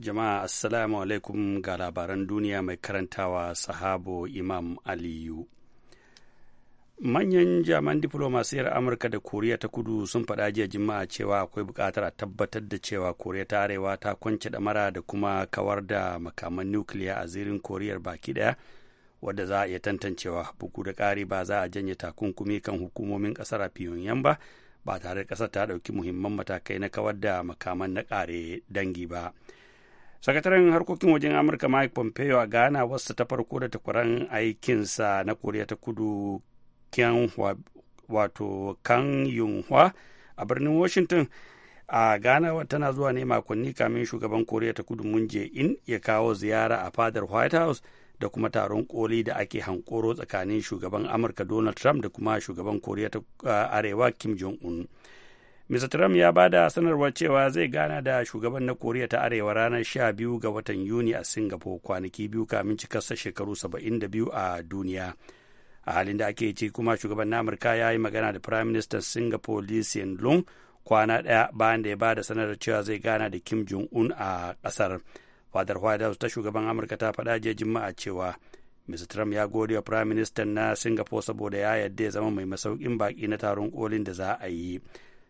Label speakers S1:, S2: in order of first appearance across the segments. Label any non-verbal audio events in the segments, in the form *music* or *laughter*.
S1: Jama'a Assalamu alaikum ga labaran duniya mai karantawa sahabo Imam Aliyu. Manyan jaman diflomasiyar Amurka da Koriya ta kudu sun faɗa jiya Juma'a cewa akwai bukatar a tabbatar da cewa Koriya ta Arewa ta kwance ɗamara da kuma kawar da makaman nukiliya a zirin Koriyar baki ɗaya wadda za a iya tantancewa bugu da ƙari ba za a janye takunkumi kan hukumomin ƙasar a Pyongyang ba ba tare da ƙasar ta ɗauki muhimman matakai na kawar da makaman na ƙare dangi ba. sakataren harkokin wajen amurka mike pompeo a ghana wasu ta farko da takwaran aikinsa na koriya ta kudu wato kan yunhwa a birnin washington a ghana tana zuwa ne makonni kamin shugaban koriya ta kudu munje in ya kawo ziyara a fadar white house da kuma taron koli da ake hankoro tsakanin shugaban amurka donald trump da kuma shugaban koriya ta arewa kim jong un Mr. Trump ya ba da sanarwar cewa zai gana da shugaban na Koriya ta Arewa ranar 12 ga watan Yuni a Singapore kwanaki biyu kamin cikarsa shekaru 72 a duniya. A halin da ake ci kuma shugaban na Amurka ya yi magana da Prime Minister Singapore Lee Hsien Loong kwana ɗaya bayan da ya ba da sanarwar cewa zai gana da Kim Jong-un a ƙasar. Fadar White House ta shugaban Amurka ta faɗa jiya Juma'a cewa Mr. Trump ya gode wa Prime Minister na Singapore saboda ya yarda ya zama mai masaukin baƙi na taron kolin da za a yi.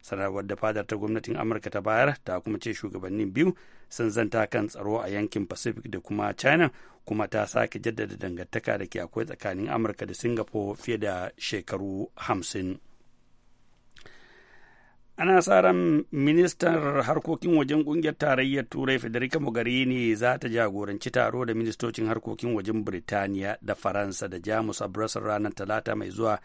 S1: sanarwar da fadar ta gwamnatin amurka ta bayar ta kuma ce shugabannin biyu sun zanta kan tsaro a yankin pacific da kuma china kuma ta sake jaddada dangantaka da ke akwai tsakanin amurka da singapore fiye da shekaru hamsin. ana sa ministan harkokin wajen kungiyar tarayyar turai federica mogherini za ta jagoranci taro da ministocin harkokin wajen birtaniya da faransa da jamus a brussels ranar talata mai zuwa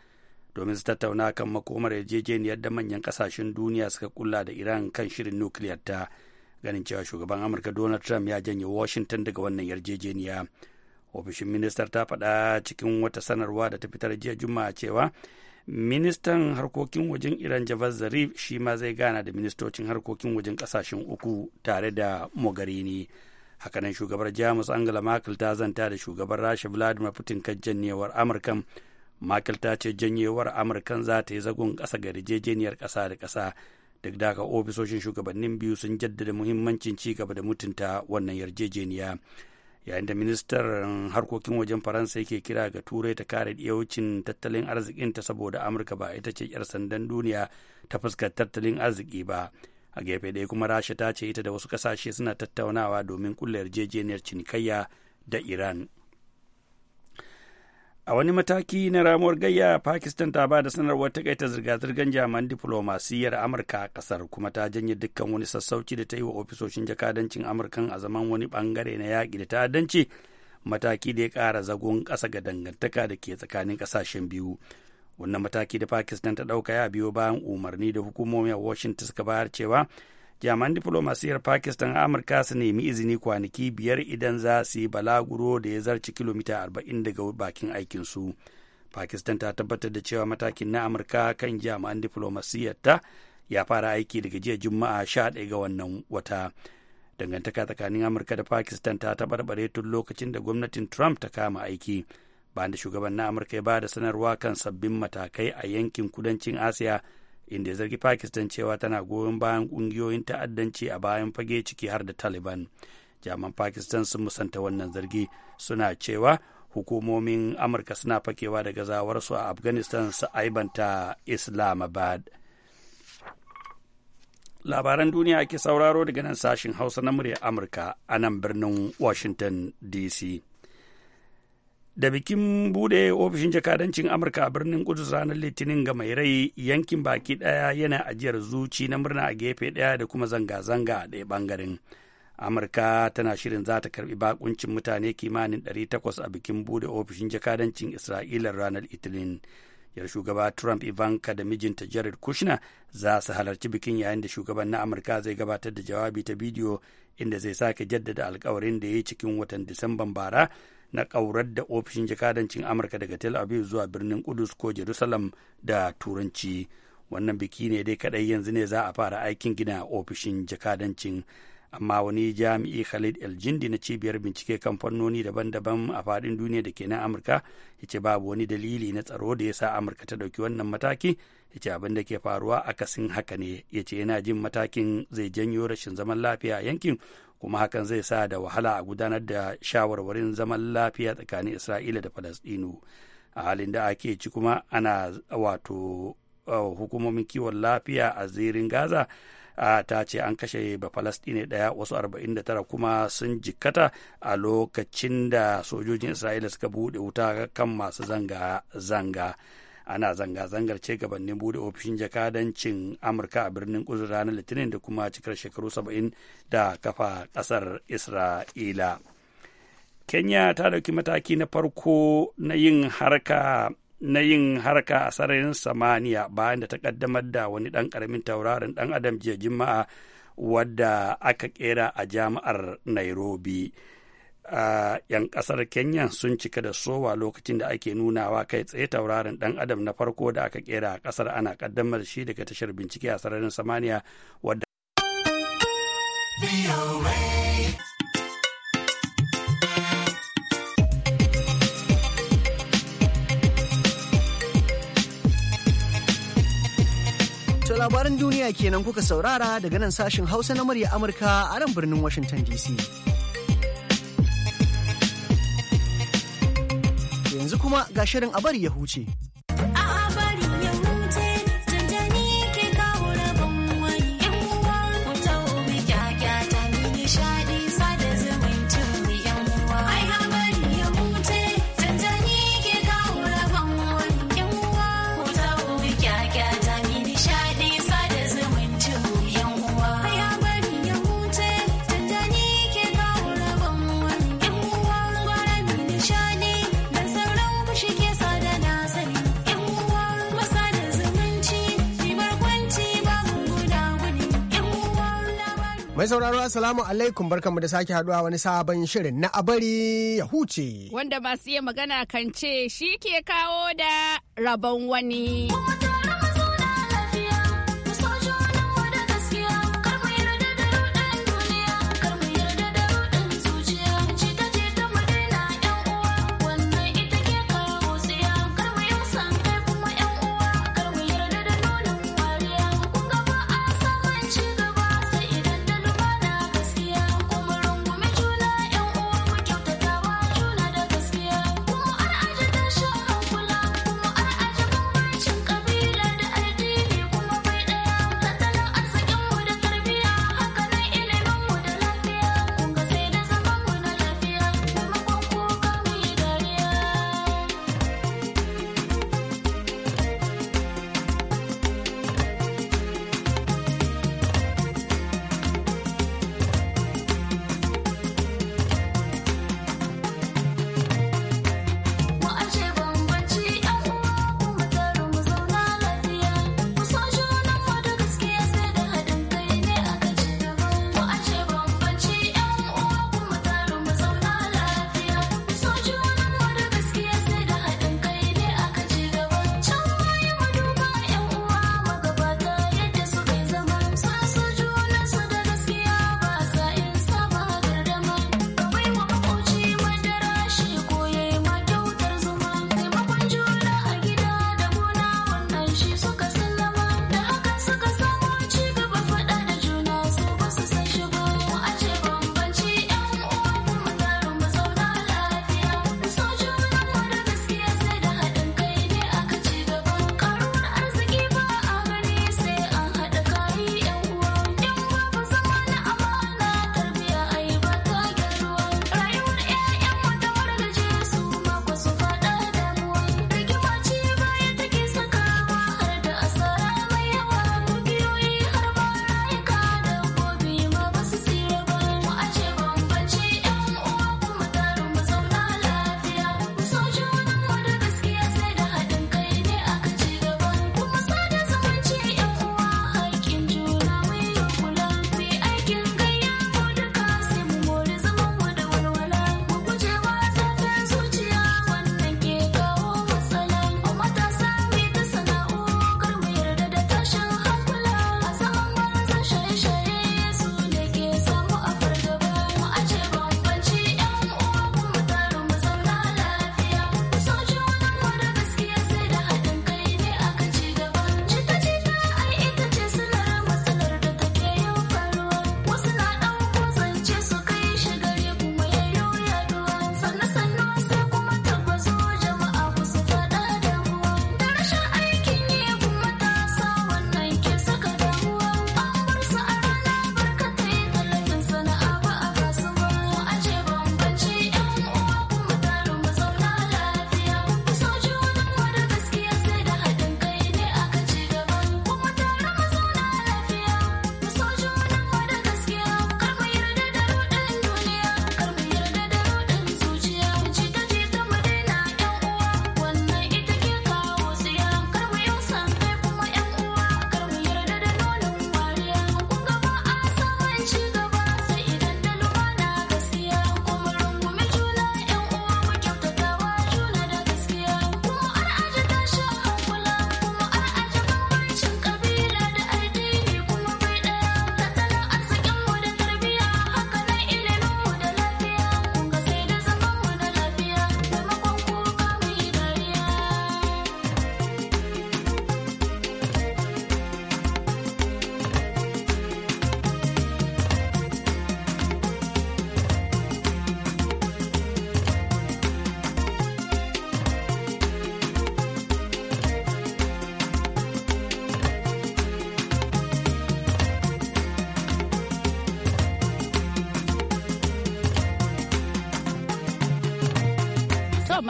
S1: domin su tattauna kan makomar yarjejeniyar da manyan kasashen duniya suka kulla da iran kan shirin nukiliyar ta ganin cewa shugaban amurka donald trump ya janye washington daga wannan yarjejeniya ofishin ministar ta faɗa cikin wata sanarwa da ta fitar jiya juma'a cewa ministan harkokin wajen iran javad zarif shi ma zai gana da ministocin harkokin wajen kasashen uku tare da mogherini hakanan shugabar jamus angela merkel ta zanta da shugaban rasha vladimir putin kan janyewar amurkan Makil ta ce janyewar Amurkan za ta yi zagon ƙasa ga yarjejeniyar ƙasa da ƙasa. Duk da haka ofisoshin shugabannin biyu sun jaddada muhimmancin ci gaba da mutunta wannan yarjejeniya. Yayin da ministar harkokin wajen Faransa yake kira ga Turai ta kare iyawucin tattalin arzikin ta saboda Amurka ba ita ce 'yar sandan duniya ta fuskar tattalin arziki ba. a gefe ɗaya kuma rasha ta ce ita da wasu ƙasashe suna tattaunawa domin kulla yarjejeniyar cinikayya da iran a wani mataki na ramuwar gayya pakistan ta ba da sanarwar takaita zirga-zirgar jaman diflomasiyyar amurka a kasar kuma ta janye dukkan wani sassauci da ta yi wa ofisoshin jakadancin amurkan a zaman wani bangare na yaƙi da ta'addanci mataki da ya ƙara zagon ƙasa ga dangantaka da ke tsakanin ƙasashen biyu wannan mataki da pakistan ta ɗauka ya biyo bayan umarni da hukumomi a washington suka bayar cewa jami'an diflomasiyar pakistan a amurka su nemi izini kwanaki biyar idan za su yi balaguro da ya zarci kilomita arba'in daga bakin aikinsu pakistan ta tabbatar da cewa matakin na amurka kan jami'an diflomasiyarta ya fara aiki daga jiya juma'a sha ɗaya ga wannan wata dangantaka tsakanin amurka da pakistan ta taɓarɓare tun lokacin da gwamnatin trump ta kama aiki bayan da shugaban na amurka ya bada sanarwa kan sabbin matakai a yankin kudancin asiya inda zargi pakistan cewa tana goyon bayan kungiyoyin ta'addanci a bayan fage ciki har da taliban jaman pakistan sun musanta wannan zargi suna cewa hukumomin amurka suna fakewa da gazawarsu a afghanistan su aibanta islamabad labaran duniya ake sauraro daga nan sashen hausa na murya amurka a nan birnin washington dc da bikin bude ofishin jakadancin amurka a birnin kudus ranar litinin ga mai rai yankin baki daya yana ajiyar zuci na murna a gefe daya da kuma zanga-zanga a ɗaya bangaren amurka tana shirin za ta karbi bakuncin mutane kimanin 800 a bikin bude ofishin jakadancin isra'ila ranar litinin yar shugaba trump ivanka da mijinta jared kushner za su halarci bikin yayin da shugaban na amurka zai gabatar da jawabi ta bidiyo inda zai sake jaddada alkawarin da ya yi cikin watan disamban bara na ƙaurar da ofishin jakadancin amurka daga tel aviv zuwa birnin kudus ko jerusalem da turanci wannan biki ne dai kadai yanzu ne za a fara aikin gina ofishin jakadancin amma wani jami'i khalid eljindi na cibiyar bincike kan fannoni daban-daban a fadin duniya da ke na amurka ya ce babu wani dalili na tsaro da ya sa amurka ta ɗauki wannan mataki ya ce abin da ke faruwa akasin haka ne ya ce yana jin matakin zai janyo rashin zaman lafiya a yankin kuma hakan zai sa da wahala a gudanar da shawarwarin zaman lafiya tsakanin isra'ila da falasɗinu a halin da ake ci kuma ana wato uh, hukumomin kiwon lafiya a zirin gaza ta ce an kashe ba falastine ɗaya wasu 49 kuma sun jikkata a lokacin da sojojin isra'ila suka buɗe wuta kan masu zanga-zanga ana zanga-zangar ce gabanin bude ofishin jakadancin amurka a birnin kudu ranar litinin da kuma cikar shekaru 70 da kafa kasar isra'ila kenya ta dauki mataki na farko na yin harka na yin harka a sararin samaniya bayan da ta kaddamar da wani dan karamin tauraron dan adam jiya juma'a wadda aka kera a jami'ar nairobi a 'yan kasar kenya sun cika da sowa lokacin da ake nunawa kai tsaye tauraron dan adam na farko da aka kera a kasar ana kaddamar shi daga tashar bincike a sararin samaniya wadda
S2: labaran duniya kenan kuka saurara daga nan sashin hausa na murya amurka a nan birnin washington dc Yanzu kuma ga shirin a bari ya huce. Mai sauraro Assalamu alaikum barkanmu da sake haduwa wani sabon shirin na abari ya huce.
S3: Wanda masu iya magana kan ce shi ke kawo da rabon wani.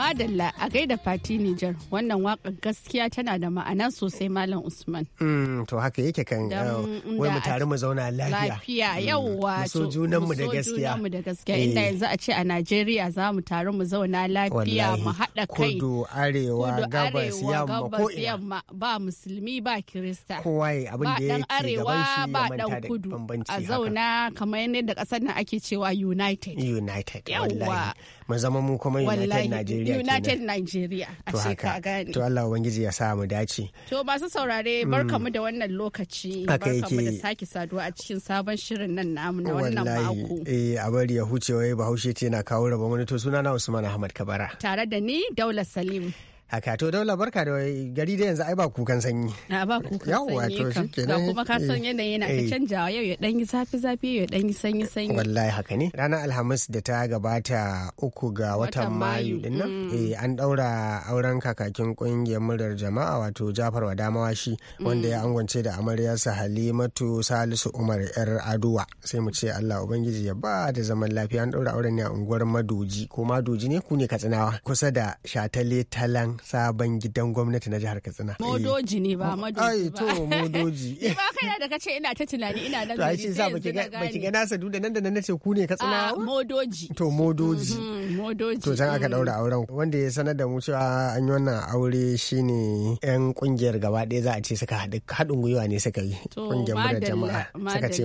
S3: madalla a gaida fati Nijar wannan waƙar gaskiya tana da ma'ana sosai Malam Usman.
S2: Mm, to haka yake kan wai mu tare mu zauna lafiya.
S3: Mm, yauwa to So junanmu da gaskiya. Junanmu da gaskiya inda eh. yanzu a ce a Najeriya za mu tare mu zauna lafiya mu haɗa kai.
S2: Kudu arewa gabas yamma ko ina
S3: ba musulmi ba kirista. Kowa abin da yake gaban shi ba dan kudu. A zauna kamar yadda ƙasar nan ake cewa United.
S2: United wallahi. mu zama mu kuma United Nigeria United
S3: Nigeria a ce ka to Allah
S2: ubangiji ya sa mu dace
S3: to masu saurare mm. barkamu da wannan lokaci barkamu da sake saduwa a cikin sabon shirin nan namu na wannan mako
S2: eh a bari ya huce wai bahaushe ce na kawo rabon wani to suna na Usman Ahmad Kabara
S3: tare da ni Daula Salim
S2: haka to daula barka da gari da yanzu ai ba kukan sanyi
S3: a ba kukan sanyi to ba kuma ka san yanayi yana ta eh, eh. canjawa yau ya dan yi zafi zafi ya dan yi sanyi sanyi
S2: wallahi haka ne ranar alhamis da ta gabata uku ga watan mayu din nan mm. eh an daura auren kakakin kungiyar murar jama'a wato Jafar shi. wanda mm. ya angwance da amaryarsa Halimatu Salisu Umar yar Aduwa sai mu ce Allah ubangiji ya ba da zaman lafiya an daura auren ne a unguwar Madoji ko Madoji ne ku ne Katsinawa kusa da Shatale Talan sabon gidan gwamnati na jihar Katsina. Modoji ne ba eh. madoji ba. Ai to modoji.
S3: Ba *laughs* kai da ce ina ta tunani ina nan gari. Ai sai baki ga baki ga
S2: nasa duda nan da nan nace ku ne Katsina. Ah, modoji. To modoji.
S3: Mm-hmm, modoji. To can aka
S2: daura mm. auren wanda ya sanar da mu cewa an yi wannan aure shine yan kungiyar gaba ɗaya za a ce suka haɗu haɗin gwiwa ne suka yi. Kungiyar madalla. jama'a suka ce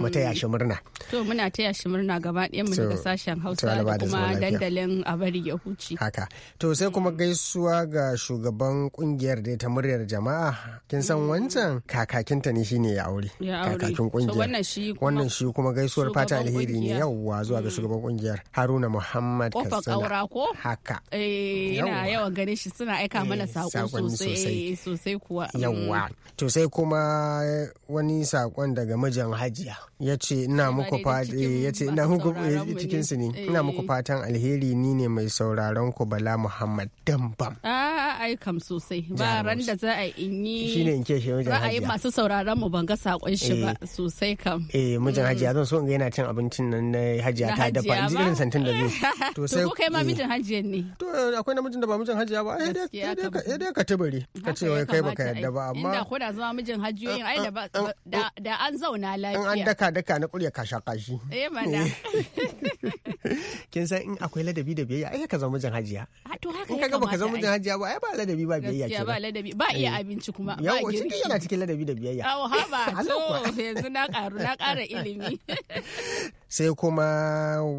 S2: mu taya mm. shi murna.
S3: To muna taya shi murna gaba ɗaya mu daga sashen Hausa da kuma dandalin a bari ya huce. Haka.
S2: To sai kuma mm. gaisuwa gaisuwa ga shugaban kungiyar da ta muryar jama'a kin san wancan kakakinta ne shine ya aure kakakin kungiyar wannan shi kuma gaisuwar fata alheri ne yawwa zuwa ga mm. shugaban kungiyar Haruna Muhammad Katsina haka
S3: eh, yana yawan gare shi suna aika eh, mana sako sosai sosai kuwa mm. yawwa
S2: to sai kuma wani sakon daga mijin Hajiya yace ina muku fadi ce ina muku cikin su ne ina eh. muku fatan alheri ni ne mai sauraron ku Bala Muhammad Dambam
S3: a ah, ah, ah, ai kam sosai ba ran da za a inyi Shi ne in
S2: ke shi mijin hajiya ra'ayin masu
S3: sauraron mu ban ga sakon shi ba eh. sosai kam
S2: eh mijin mm. hajiya zan so in ga yana cin abincin nan na hajiya ta dafa in ji irin santin da zai *laughs* to sai kai ma eh. mijin
S3: hajiya ne to akwai namijin da ba mijin hajiya ba eh dai eh, ka
S2: tabari ka ce wai kai baka yadda ba amma inda ko
S3: da zama mijin hajiyoyin ai da da an zauna lafiya an
S2: daka daka na kulya kasha kashi eh mana *laughs* kin san in akwai ladabi da biyayya ai ka zama mijin hajiya
S3: to haka in ka ga baka zama mijin hajiya
S2: ba ai ba ladabi ba biyayya ke ba ladabi ba iya eh. abinci kuma ba yawa cikin yana cikin ladabi da biyayya awo
S3: ba *laughs* to yanzu na karu na kara ilimi
S2: *laughs* sai kuma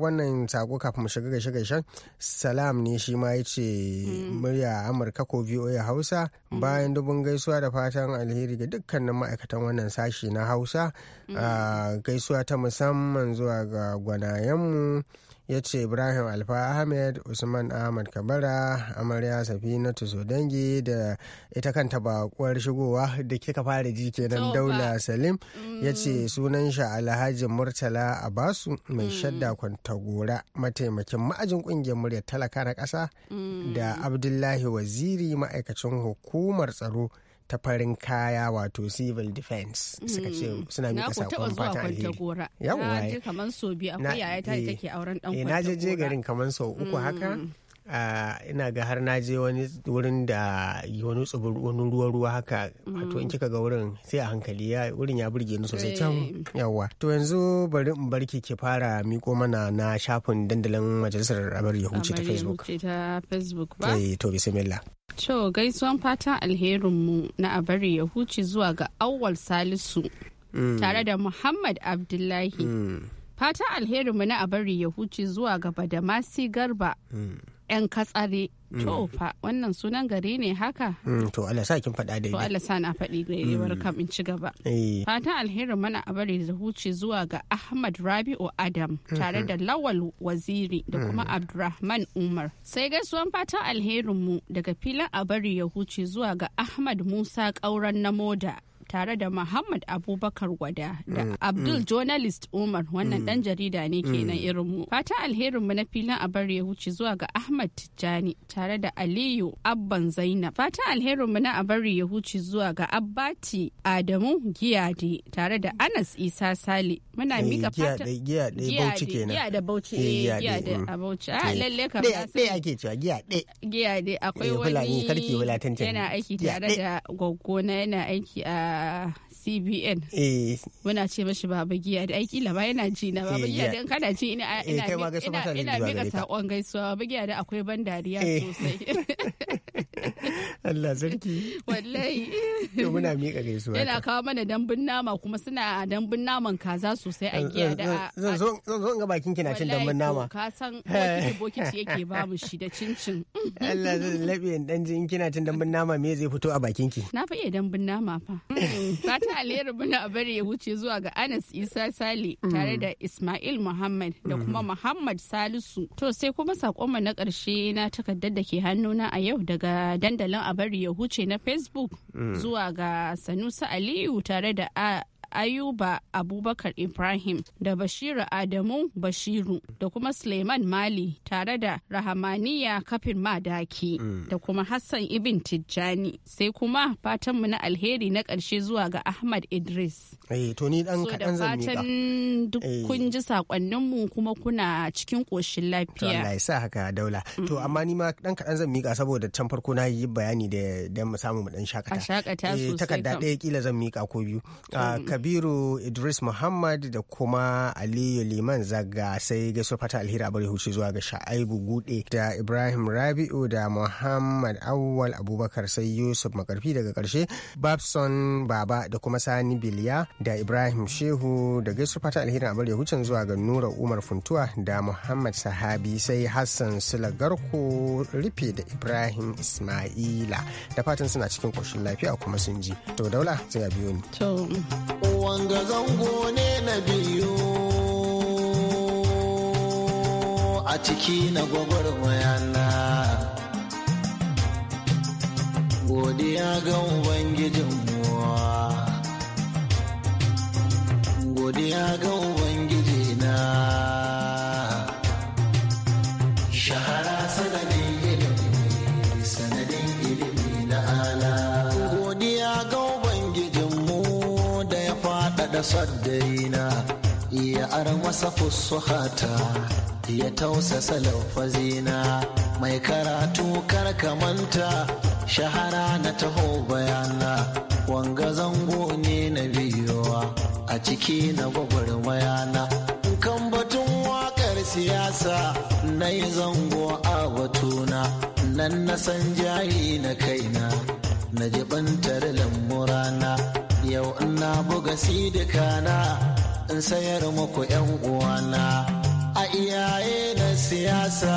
S2: wannan sako kafin mu shiga shiga shan salam ne shi ma yace mm. murya amurka ko voa hausa mm. bayan dubun gaisuwa da fatan alheri ga dukkanin ma'aikatan wannan sashi na hausa mm. ah, gaisuwa ta musamman zuwa ga gwanayenmu ya ce ibrahim alfa ahmed usman ahmad kabara amarya safinatu sodangi da ita kanta bakuwar shigowa da kika fara ji kenan daula salim ya mm. ce sunan shi alhaji murtala a basu mai mm. shadda kwantagora mataimakin ma'ajin kungiyar muryar talaka na ƙasa
S4: mm. da
S2: abdullahi waziri ma'aikacin hukumar tsaro ta farin kaya wato civil defense suka ce mm. suna mika sakon fata alheri na je
S3: kamar so biyu akwai yaya ta take auren dan kwanta na je garin
S2: kamar so uku haka mm. ina ga har na je wani wurin da wani tsibir wani ruwa ruwa haka wato in mm. kika ga wurin sai a hankali ya wurin ya burge ni sosai can eh. yawa to yanzu bari in barki ki fara miko mana na shafin dandalin majalisar abar yahuci ta facebook
S3: ta facebook ba
S2: eh, to bismillah
S3: To gaisuwan fatan alherinmu na abar ya huce zuwa ga awwal salisu mm. tare da Muhammad Abdullahi. Mm. Fatan alherinmu na abar ya huce zuwa ga Badamasi Garba 'yan katsare mm. to fa wannan sunan gari ne haka
S2: mm, to Allah sa kin faɗa daidai to Allah sa
S3: na faɗi daidai mm. bar kam in ci gaba
S2: eh. fatan
S3: alherin mana a bari da huce zuwa ga Ahmad Rabi'u Adam mm-hmm. tare da Lawal Waziri da kuma Abdurrahman Umar sai gaisuwan fatan alherin mu daga filan a bari ya huce zuwa ga Ahmad Musa Kauran Moda. tare da Muhammad Abubakar Gwada da mm, Abdul mm. Journalist Umar wannan dan mm. jarida ne kenan irin mu. Fatan alherin mu na filin a bari ya huce zuwa ga Ahmad Tijjani tare da Aliyu Abban Zainab. Fatan alherin mu na a bari ya huce zuwa ga Abbati Adamu Giyade tare da Anas Isa sali. Muna mika fatan giya da Bauchi kenan. Giya da Bauchi eh, eh giya da Bauchi. A ah, eh, lalle kam da sai ake cewa giya da. Giya da akwai eh, wani yana aiki tare da goggo yana aiki a a cbn eh. muna ce mashi baba giya da aiki lama yana ji na baba eh, giya da kana ji ina eh, ina ina mika sakon gaisuwa baba giya da akwai ban dariya sosai *laughs*
S2: Allah zarki *laughs*
S3: wallahi to
S2: muna miƙa gaisuwa yana
S3: kawo mana dambun nama kuma suna dambun naman kaza sosai a giya da zan
S2: zo ga bakin kina cin dambun nama ka
S3: san bokiti yake ba mu shi
S2: da cincin *laughs* Allah zan labe dan jin kina cin dambun nama me zai fito a bakin ki
S3: na fa iya dambun nama fa *laughs* fata alheri muna bari ya huce zuwa ga Anas Isa Sale tare da Ismail Muhammad da kuma mm. Muhammad Salisu to sai kuma sakonmu na ƙarshe na takardar da ke hannuna a yau daga dandalin a bari ya huce na Facebook mm. zuwa zuwa ga Sanusi Aliyu tare da ayuba abubakar ibrahim da bashiru adamu bashiru da kuma suleiman mali tare da rahamaniya kafin madaki mm. da kuma hassan ibn tijjani sai kuma fatanmu na alheri na ƙarshe zuwa ga ahmad idris
S2: eh, to ni dan kaɗan zan fatan
S3: duk eh. kun ji sakonninmu kuma kuna cikin ƙoshin lafiya Allah
S2: ya sa haka daula to mm. amma ni ma dan kaɗan zan mika saboda can farko na yi bayani da dan mu samu mu dan shakata a shakata eh, sosai takarda ɗaya kila zan mika ko biyu ah, kabiru idris muhammad da kuma aliyu liman zaga sai gaisuwar fata alheri a bari huce zuwa ga sha'aibu gude da ibrahim rabi'u da muhammad awwal abubakar sai yusuf makarfi daga karshe babson baba da kuma sani biliya da ibrahim shehu da gaisuwar fata alheri a bari hucin zuwa ga nura umar funtuwa da muhammad sahabi sai hassan sulagarko rufe da ibrahim ismaila da fatan suna cikin koshin lafiya kuma sun ji to daula sai a biyo ni mm.
S5: wanga zango ne na biyu a ciki na mayana godiya ga ubangijin ubangijinmu godiya ga ubangijina tasaddarina ya ara masa fusuhata ya tausasa laufazina mai karatu manta, shahara na taho bayana wanga zango ne na biyuwa a ciki na gwagwarmayana kan batun wakar siyasa na yi zango a batuna nan na san jayi na kaina na ji jibantar lamburana yau ina buga sidika na in sayar muku yan uwana a iyaye na siyasa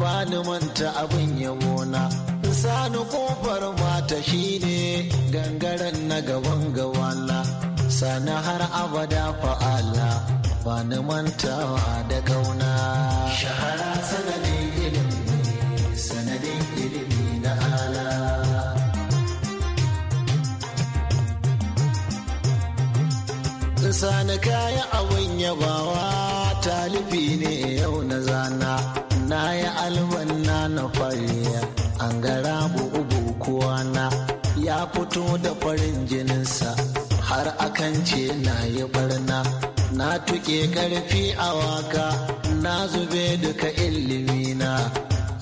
S5: ba ni manta abin na sani kofar mata shine gangaren na gaban gawana sani har abada fa'ala ba ni manta da kauna shahara sanadin sani kaya abin yabawa talibi ne yau na zana na yi albanna na fariya an gara ubu ya fito da farin jininsa har akan ce na yi barna na tuke karfi a waka na zube duka ilimina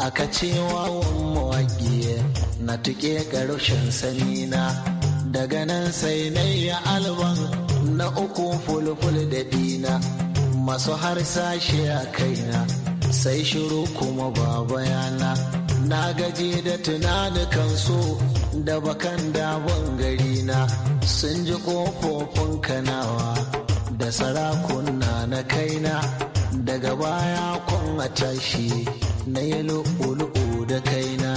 S5: aka ce wawan mawaƙiye na tuke ƙarshen sanina daga nan sai na yi alban na uku fulfulu da dina masu sashe a kaina sai shiru kuma ba bayana na gaje da tunani so da bakan dabon gari na sun ji kofofin kanawa da sarakuna na kaina daga baya kun a tashi na yi lu'ulu'u da kaina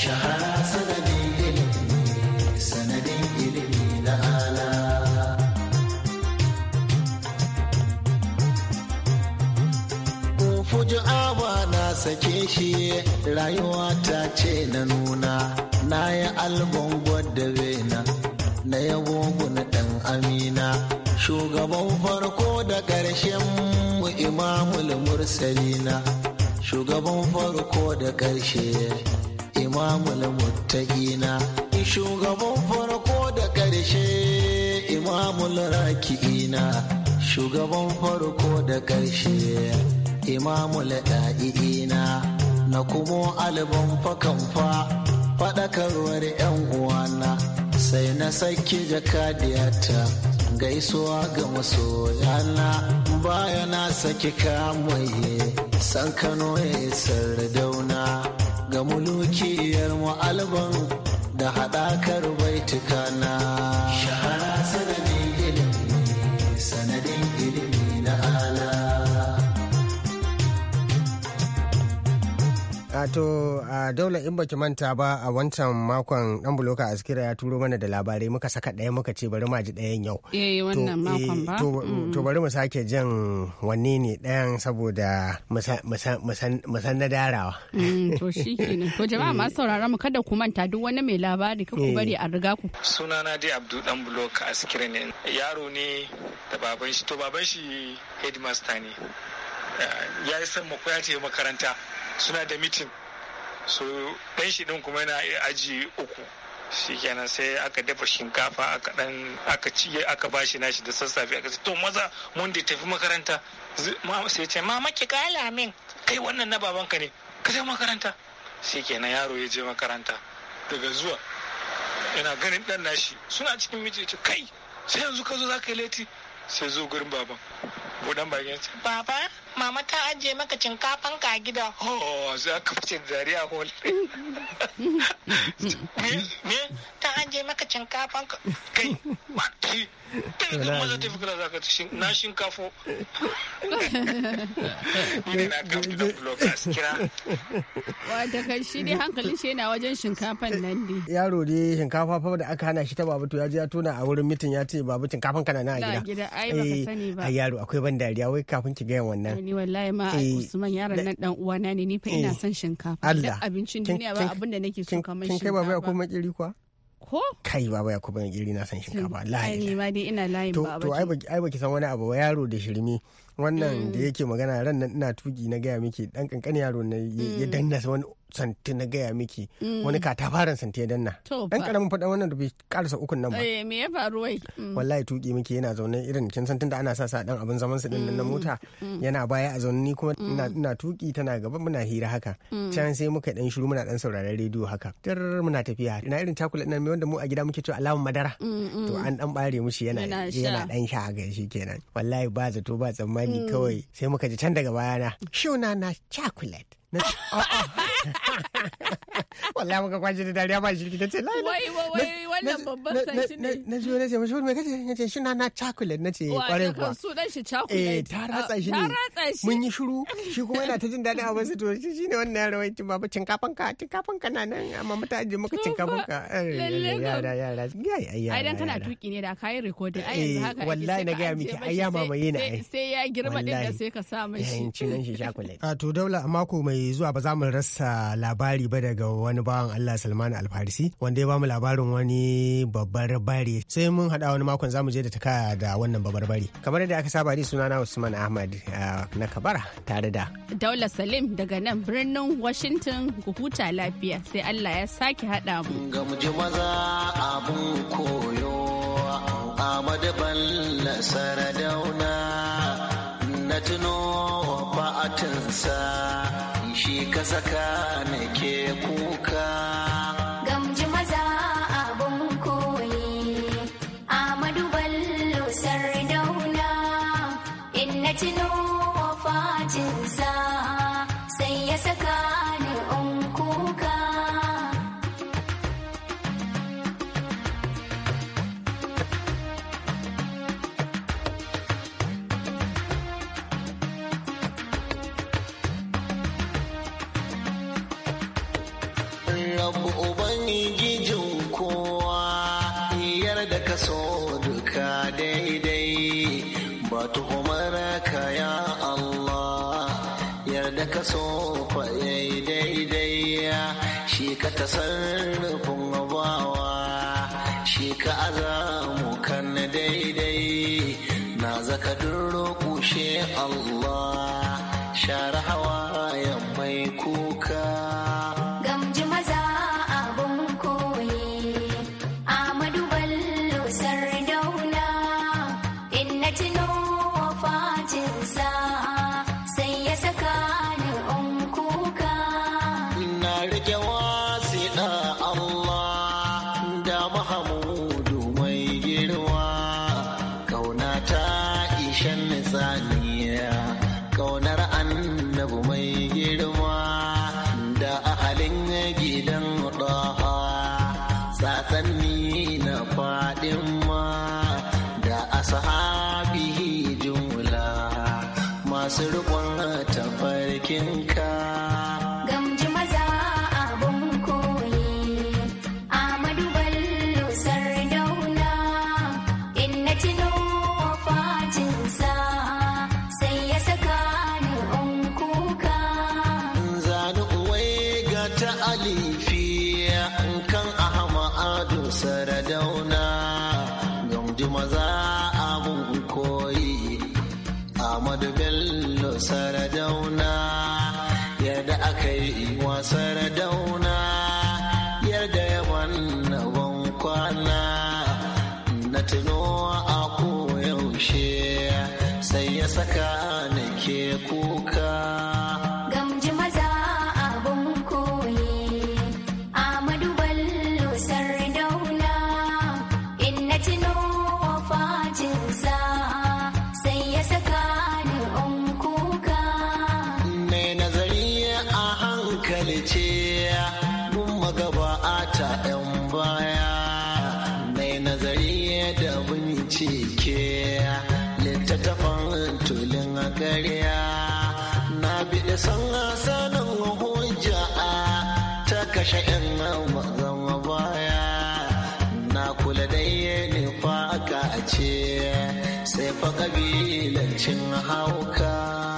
S5: shahara Ju'aba na sake shi rayuwa ta ce na nuna na yi albon gwada bena na yabo na dan amina shugaban farko da ƙarshen mu imamul mursalina shugaban farko da ƙarshe imamul muttaqina shugaban farko da ƙarshe imamul raki'ina shugaban farko da ƙarshe imamul da'ina na kuma alban fakanfa faɗakarwar 'yan uwana sai na sake jakadiyata gaisuwa ga masoyana baya na saki kamaye san kano ya sardauna ga mulukiyar mu alban da haɗakar baitukana shahara
S2: a ah, to a ah, daula in baki manta ba a wancan makon dan buloka askira ya turo mana da labarai muka saka ɗaya muka ce bari ma ji ɗayan yau eh wannan eh, makon ba mm. to bari mu sake jan wanne ne ɗayan saboda san na darawa
S3: mm, to *laughs* shikenan to jama'a ma saurara mu kada ku manta duk wani mai labari ka ku eh. bari a riga ku
S1: sunana dai abdu dan buloka askira ne yaro ne da baban shi to baban shi headmaster ne ah, ya yi san makoya ce makaranta suna da mitin so ɗan shi ɗin kuma yana aji uku kenan sai aka dafa shinkafa aka dan aka ci aka bashi nashi da sassafe aka ce to maza mun da tafi makaranta sai ce mama ki kala min kai wannan na babanka ne ka je makaranta kenan yaro ya je makaranta daga zuwa yana ganin dan nashi suna cikin miji ce kai sai yanzu ka zo za ka yi leti sai zo gurin baban
S6: baba mama ta ajiye maka cinkafan ka gida
S1: oh za ka fice dariya hol
S6: *laughs* me ta ajiye maka cinkafan ka kai baki
S4: kai ga maza ta fikira za ka ci na shinkafo Ni na
S3: kamta da blokas kira wata kai shi ne hankalin shi yana wajen shinkafan
S2: nan ne yaro ne shinkafa fa da aka hana shi ta babu to ya je ya tona a wurin mitin ya ce babu shinkafan ka na a gida ai ka eh, sani ba yaro akwai ban dariya wai kafin ki ga wannan ni
S3: wallahi ma eh, Usman yaron nan dan uwana ne ni fa ina eh, son shinkafa Allah abincin duniya ba abin da nake so kamar shinkafa kin kai baba ya kuma kiri kwa ko
S2: kai baba ya kuma kiri na son shinkafa wallahi ni
S3: ma dai ina layin baba to ai
S2: ai baki san wani abu ba yaro da shirmi wannan da mm. yake magana ran nan ina tuki na gaya miki dan kankan yaro ne ya mm. danna wani santi na gaya miki mm. wani fara santi ya danna dan karamin fada wannan da bai karasa ukun nan ba
S3: eh me ya faru wai mm.
S2: wallahi tuki miki yana zaune irin kin santin da ana sa sa dan abin zaman su din na mm. mota yana baya a zaune ni kuma ina tuki tana gaba muna hira haka can sai muka dan shiru muna dan sauraron rediyo haka tar muna tafiya ina irin chocolate nan me wanda mu a gida muke to alamun madara to an dan bare mushi yana yana dan sha ga shi kenan wallahi ba zato ba tsammani kawai sai muka ji can daga bayana shuna na chocolate na ce *laughs* wallahi muka kwace da dariya ba shirki lai wai wai na na na na chocolate na ce kware kuwa
S3: eh, ta ratsa shi ne mun yi shiru shi ta
S2: jin shi ne wannan cin ka ka na nan amma mata aje maka cinkafan ka eh, yara yara ai dan kana
S3: tuki ne da recording ai yanzu eh, haka wallahi na ga miki ayya sai ya girma din sai ka sa cin
S2: shi *laughs* a to daula a mako mai mai zuwa ba za mu rasa labari ba daga wani bawan Allah Salman Alfarisi wanda ya bamu labarin wani babbar bari sai mun hada wani makon zamu je da takaya da wannan babbar bari kamar da aka saba ni sunana Usman Ahmad ah, na Kabara tare da
S3: Daula Salim daga nan birnin Washington ku huta lafiya sai Allah ya sake hada mu
S5: ga mu je maza abun koyo Ahmad Balla Sardauna na tuno tinsa ka saka nake ku ka tasarrufin wabawa shi ka azamu kan daidai na zaka duro kushe Allah share hawayen mai kuka gari da cike littattafan tulin ƙarya na biɗi san sanin hujja ta kashe 'yan zama baya na kula da ne fa ce sai fa ƙabilancin hauka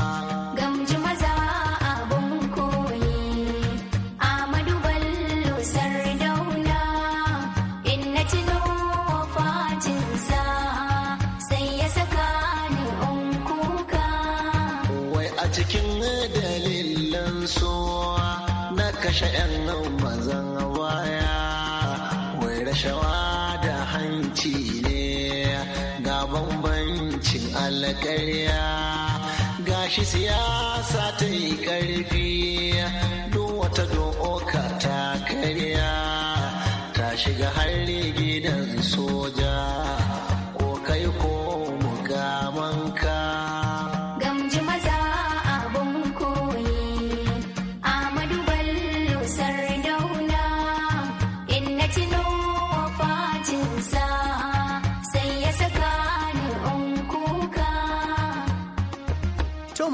S5: karya gashi siyasa ta yi ƙarfi duk wata doka ta karya ta shiga har gidan soja